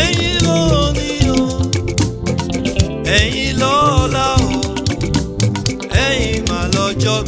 ẹ̀yin ló ní o ẹ̀yin lọ́la o ẹ̀yin mà lọ́jọ́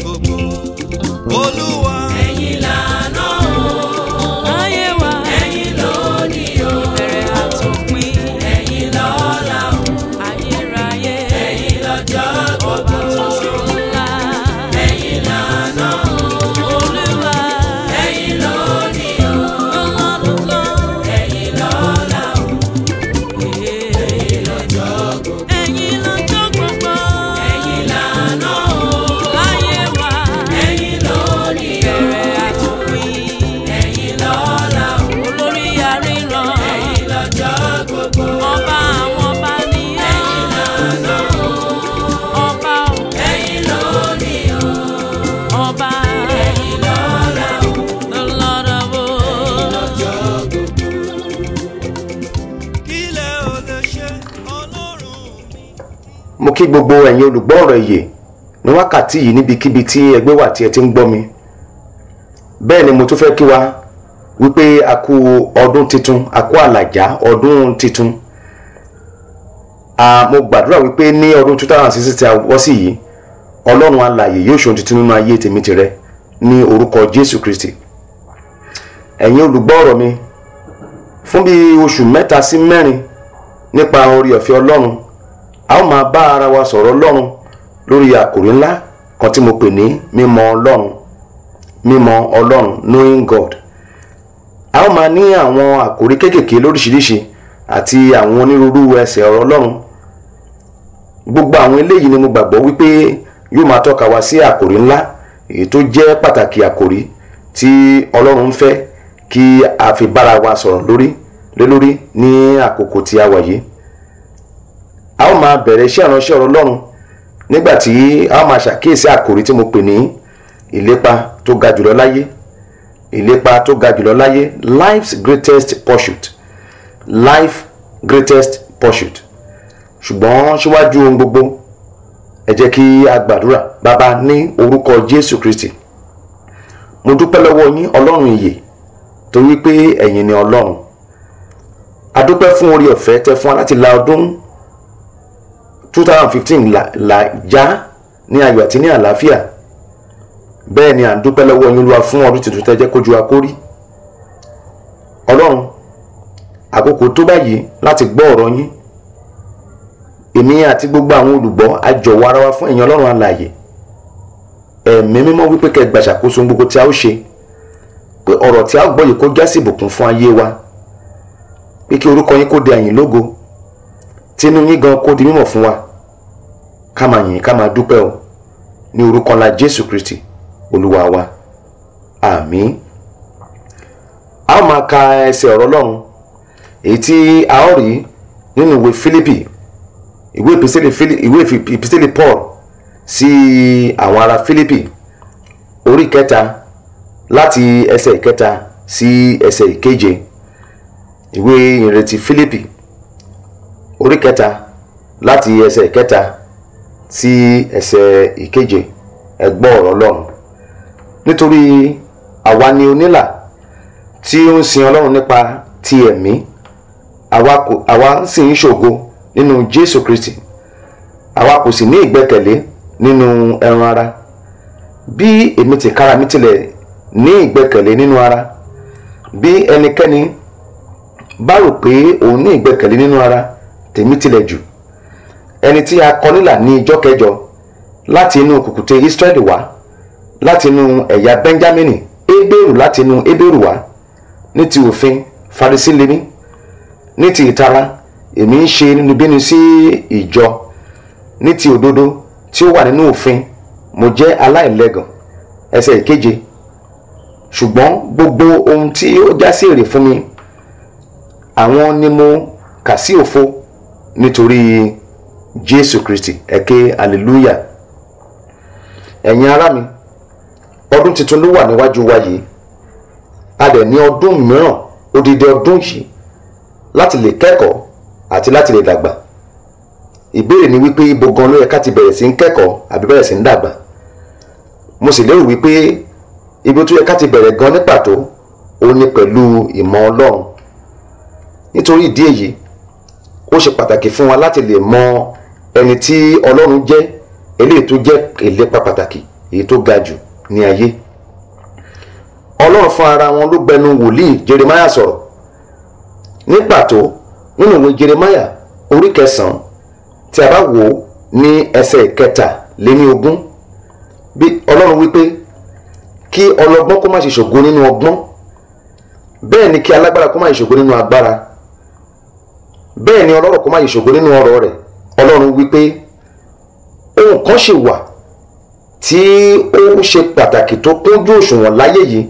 kí gbogbo ẹ̀yin olùgbọ́ ọ̀rọ̀ ìyè ní wákàtí yìí níbikíbi tí ẹgbẹ́ wà tí ẹ ti ń gbọ́ mi bẹ́ẹ̀ ni mo tún fẹ́ kí wa wípé a kú ọdún titun a kú àlàjá ọdún titun mo gbàdúrà wípé ní ọdún two thousand six tí a wọ́ sí yìí ọlọ́run alààyè yóò ṣe ohun tuntun nínú ayé tèmi tìrẹ ní orúkọ jésù kristi ẹ̀yin olùgbọ́ ọ̀rọ̀ mi fún bíi oṣù mẹ́ta sí mẹ́rin nípa orí ọ̀fẹ́ ọlọ́run a ó máa bá ara wa sọ̀rọ̀ ọlọ́run lórí àkòrí ńlá kan tí mo pè ní mímọ̀ ọlọ́run mímọ̀ ọlọ́run knowing God a ó máa ní àwọn àkòrí kéékèèké lóríṣiríṣi àti àwọn onírúurú ẹsẹ̀ ọ̀rọ̀ ọlọ́run gbogbo àwọn eléyìí ni mo gbàgbọ́ wípé yóò máa tọ́ka wa sí àkòrí ńlá èyí tó jẹ́ pàtàkì àkòrí tí ọlọ́run ń fẹ́ kí a fi bára wa sọ̀rọ̀ lórí lé lórí ní àkókò tí a wà yìí a ó máa bẹ̀rẹ̀ iṣẹ́ ìránṣẹ́ ọ̀rọ̀ ọlọ́run nígbà tí a ó máa ṣàkíyèsí àkòrí tí mo pè ní ìlépa tó ga jùlọ láyé ìlépa tó ga jùlọ láyé life's greatest pursuit Life's greatest pursuit ṣùgbọ́n síwájú ohun gbogbo ẹ jẹ́ kí a gbàdúrà bàbá ní orúkọ jésù kristi mo dúpẹ́ lọ́wọ́ yín ọlọ́run ìyè torí pé ẹ̀yin ni ọlọ́run a dúpẹ́ fún orí ọ̀fẹ́ tẹ́ fún wa láti la ọdún two thousand fifteen là já ní ayọ̀ àti ní àlàáfíà bẹ́ẹ̀ ni à ń dúpẹ́ lọ́wọ́ yín olúwa fún ọdún tuntun tẹ́jẹ́ kójú akórí ọlọ́run àkókò tó báyìí láti gbọ́ ọ̀rọ̀ yín èmi àti gbogbo àwọn olùgbọ́ a jọ̀wọ́ ara wa fún ẹ̀yin ọlọ́run alààyè ẹ̀mí mímọ́ wípé kẹ́ gbàṣàkóso gbogbo tí a ó ṣe pé ọ̀rọ̀ tí a ó gbọ́ yìí kó já sí fún ayé wa pé kí orúkọ yín kó di àyìn lógo tinú yín gan kó di mímọ̀ fún wa ká máa yìn ká máa dúpẹ́ o ní orúkọ ńlá Jésù Kristi olúwa wa àmín a ó máa ka ẹsẹ̀ ọ̀rọ̀ Ọlọ́run èyí tí a ó rí nínú ìwé Fílípì ìwé ìpísílẹ̀ Paul sí àwọn ará Fílípì orí kẹta láti ẹsẹ̀ ìkẹta sí ẹsẹ̀ ìkeje ìwé ìrètí Fílípì orí kẹta láti ẹsẹ̀ kẹta sí ẹsẹ̀ ìkeje ẹ gbọ́ ọ̀rọ̀ Ọlọ́run nítorí àwa ni onílà tí ó ń sin Ọlọ́run nípa ti ẹ̀mí àwa sì ń ṣògo nínú Jésù Kristi àwa kò sì ní ìgbẹ́kẹ̀lé nínú ẹran ara bí èmi tìkára mi tilẹ̀ ní ìgbẹ́kẹ̀lé nínú ara bí ẹnikẹ́ni bá rò pé òun ní ìgbẹ́kẹ̀lé nínú ara tèmi tilẹ̀ jù ẹni tí a kọ nílà ní ijọ́ kẹjọ láti inú kùkùté Ísírẹ́lì wá láti inú ẹ̀yà Bẹ́ńjámínì Ébérù láti inú Ébérù wá ní ti òfin Farisí lèmi ní ti ìtara èmi ń ṣe inúnibíni sí ìjọ ní ti òdodo tí ó wà nínú òfin mo jẹ́ aláìlẹ́gàn ẹsẹ̀ ìkeje ṣùgbọ́n gbogbo ohun tí ó já sí èrè fún mi àwọn ni mo kà sí òfo nítorí jésù kristi ẹ ké hallelujah ẹ̀yin ará mi ọdún tuntun ló wà níwájú wa yìí a dẹ̀ ní ọdún mìíràn odidi ọdún yìí láti lè kẹ́kọ̀ọ́ àti láti lè dàgbà ìbéèrè ni wípé ibo gan ló yẹ ká ti bẹ̀rẹ̀ sí ń kẹ́kọ̀ọ́ àbí bẹ̀rẹ̀ sí ń dàgbà mo sì lérò wípé ibi tó yẹ ká ti bẹ̀rẹ̀ gan ní pàtó òun ni pẹ̀lú ìmọ̀ ọlọ́run nítorí ìdí èyí ó ṣe pàtàkì fún wa láti lè mọ ẹni tí ọlọ́run jẹ́ eléyìí tó jẹ́ ìlépa pàtàkì èyí tó ga jù ní ayé ọlọ́run fún ara wọn ló gbẹnu wòlíì jeremaya sọ̀rọ̀ ní pàtó nínú ìwé jeremaya orí kẹsàn-án tí a bá wò ó ní ẹsẹ̀ ìkẹta lé ní ogún bí ọlọ́run wípé kí ọlọ́gbọ́n kó má ṣe ṣògo nínú ọgbọ́n bẹ́ẹ̀ ni kí alágbára kó má ṣe ṣògo nínú agbára bẹ́ẹ̀ ni ọlọ́rọ̀ kó má yẹ ṣògo nínú ọ̀rọ̀ rẹ̀ ọlọ́run wípé ohun kan ṣe wà tí ó ń ṣe pàtàkì tó kúnjú òṣùwọ̀n láyé yìí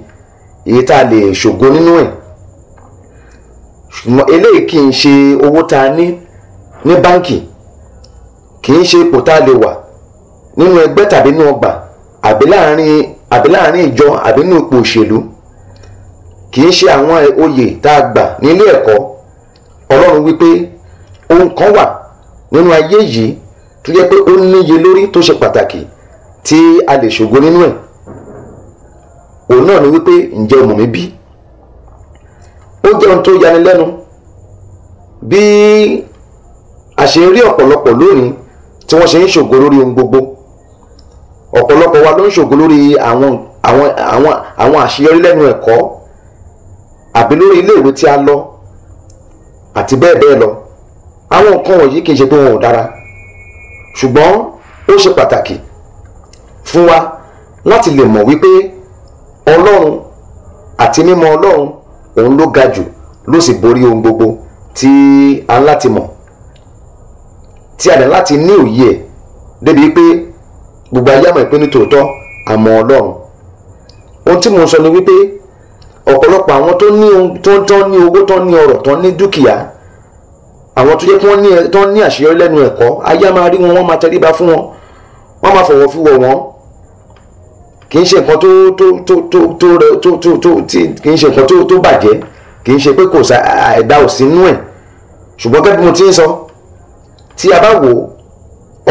èyí tá a lè ṣògo nínú ẹ̀ ṣùgbọ́n eléyìí kì í ṣe owó tá a ní ní báǹkì kì í ṣe ipò tá a lè wà nínú ẹgbẹ́ tàbí nínú ọgbà àbí láàrin àbí láàrin ìjọ àbí nínú ipò òṣèlú kì í ṣe àwọn oyè tá a gbà nílé ẹ̀kọ́ ọlọ́run wípé ohun kan wà nínú ayé yìí tó jẹ́ pé ó níye lórí tó ṣe pàtàkì tí a lè ṣògo nínú ẹ̀ òun náà ni wípé ǹjẹ́ ọmọ mi bí ó jẹ́ ohun tó yani lẹ́nu bí a ṣe ń rí ọ̀pọ̀lọpọ̀ lónìí tí wọ́n ṣe ń ṣògo lórí ohun gbogbo ọ̀pọ̀lọpọ̀ wa ló ń ṣògo lórí àwọn àwọn àwọn àṣeyọrí lẹ́nu ẹ̀kọ́ àbí lórí iléèwé tí a lọ àti bẹ́ẹ̀ bẹ́ẹ̀ lọ àwọn nǹkan wọ̀nyí kì í ṣe pé wọn ò dára ṣùgbọ́n ó ṣe pàtàkì fún wa láti lè mọ̀ wípé ọlọ́run àti mímọ̀ ọlọ́run òun ló ga jù ló sì borí ohun gbogbo tí a ń láti mọ̀ tí a ní láti ní òye ẹ̀ débi pé gbogbo ayé àmọ̀ ìpín tòótọ́ àmọ́ ọlọ́run ohun tí mo sọ ni wípé ọ̀pọ̀lọpọ̀ àwọn tó ní tó ní owó tó ní ọrọ̀ tó ní dúkìá àwọn tó yẹ kí wọ́n ní tó ní àṣeyọrí lẹ́nu ẹ̀kọ́ ayé máa rí wọn wọ́n máa tẹríba fún wọn wọ́n máa fọwọ́ fi wọ̀ wọ́n kì í ṣe nǹkan tó tó tó tó tó rẹ tó tó tó tí kì í ṣe nǹkan tó tó bàjẹ́ kì í ṣe pé kò sa ẹ̀dá ò sí nú ẹ̀ ṣùgbọ́n kẹ́bí mo ti ń sọ tí a bá wò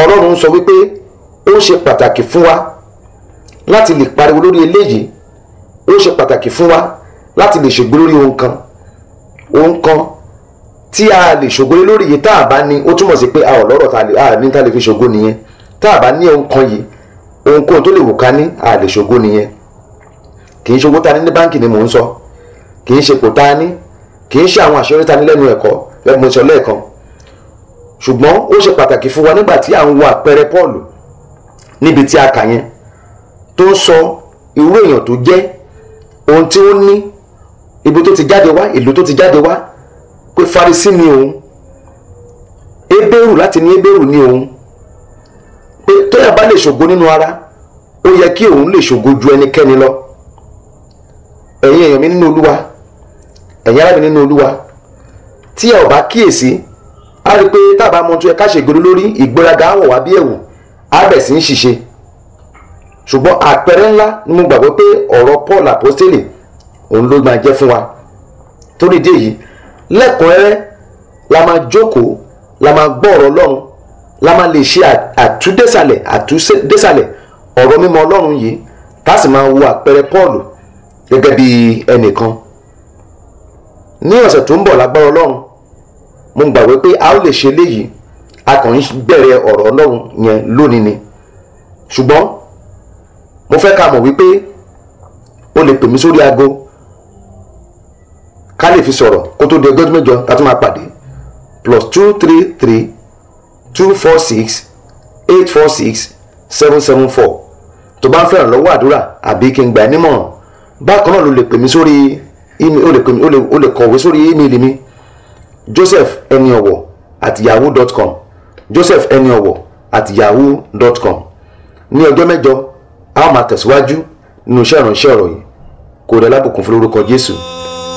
ọlọ́run sọ wípé ó ṣe pàtàkì fún wa láti lè pariwo lórí eléyìí ó ṣe pàtàkì fún wa láti lè ṣògbé lórí ohun kan ohun kan tí a lè ṣògbé lórí yìí tá a bá ní ó túmọ̀ sí pé a ò lọ́rọ̀ tá a ní tá a lè fi ṣògbó nìyẹn tá a bá ní ohun kan yìí ohunkóhun tó lè wù ká ní a lè ṣògbó nìyẹn kì í ṣògbó ta ní ní báńkì ni mò ń sọ kì í ṣe kò ta ní kì í ṣe àwọn àṣírí ta ní lẹ́nu ẹ̀kọ́ lẹ́nu sọ lẹ́ẹ̀kan ṣùgbọ́n ó ṣe pàtàkì fún wa nígbà tí à ń wo àpẹẹrẹ Paul níbi tí a kà yẹn tó ń sọ irú èèyàn tó jẹ́ ohun tí ó ní ibi tó ti jáde wá ìlú tó ti jáde wá pé Farisí ni òun ebéèrù láti ní ebéèrù ni òun pé tóyà bá lè ṣògo nínú ara ó yẹ kí òun lè ṣògo ju ẹnikẹ́ni lọ ẹ̀yin èèyàn mi nínú Olúwa ẹ̀yin ará mi nínú Olúwa tí ẹ ò bá kíyèsí a rí i pé tábà mọ tó yẹ ká ṣègbèrú lórí ìgbéraga àwọ̀ wá bí ẹ̀wù á bẹ̀ sí ń ṣiṣẹ́ ṣùgbọ́n àpẹẹrẹ ńlá ni mo gbàgbọ́ pé ọ̀rọ̀ Paul àpọ́stélì òun ló máa jẹ́ fún wa torí dé yìí lẹ́kùnrẹ́rẹ́ la máa jókòó la máa gbọ́ ọ̀rọ̀ ọlọ́run la máa lè ṣe àtúndésàlẹ̀ àtúndésàlẹ̀ ọ̀rọ̀ mímọ́ ọlọ́run yìí tá a sì máa wo àpẹẹrẹ Paul gẹ́gẹ́ bí ẹnìkan ní ọ̀sẹ̀ tó ń bọ̀ lágbára ọlọ́run mo gbàgbé pé a ó lè ṣe léyìí a kàn ń bẹ̀rẹ̀ ọ̀rọ̀ ọlọ́run yẹn lónìí ni ṣùgbọ́n mo fẹ́ ká mọ̀ wípé o lè pè mí sórí aago ká lè fi sọ̀rọ̀ kó tó di ọjọ́ mẹ́jọ ká tó máa pàdé plus two three three two four six eight four six seven seven four tó bá ń fẹ́ ìrànlọ́wọ́ àdúrà àbí kí n gbà ẹ́ nímọ̀ràn bákan náà ló lè pè mí sórí o lè pè mí o lè kọ̀wé sórí ímeèlì mi joseph eniowo at yahoo dot com joseph eniowo at yahoo dot com ní ọjọ́ mẹ́jọ a ó máa tẹ̀síwájú nínú iṣẹ́ ìránṣẹ́ ọ̀rọ̀ yìí kò dé lábùkún fún lórúkọ jésù.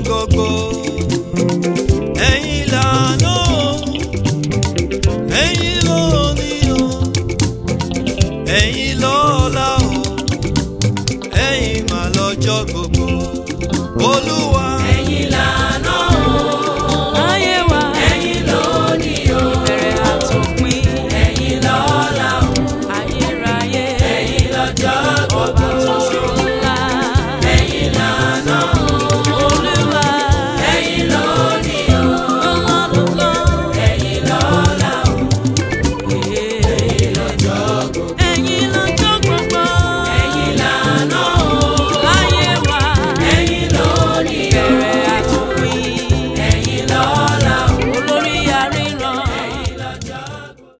góńgógó.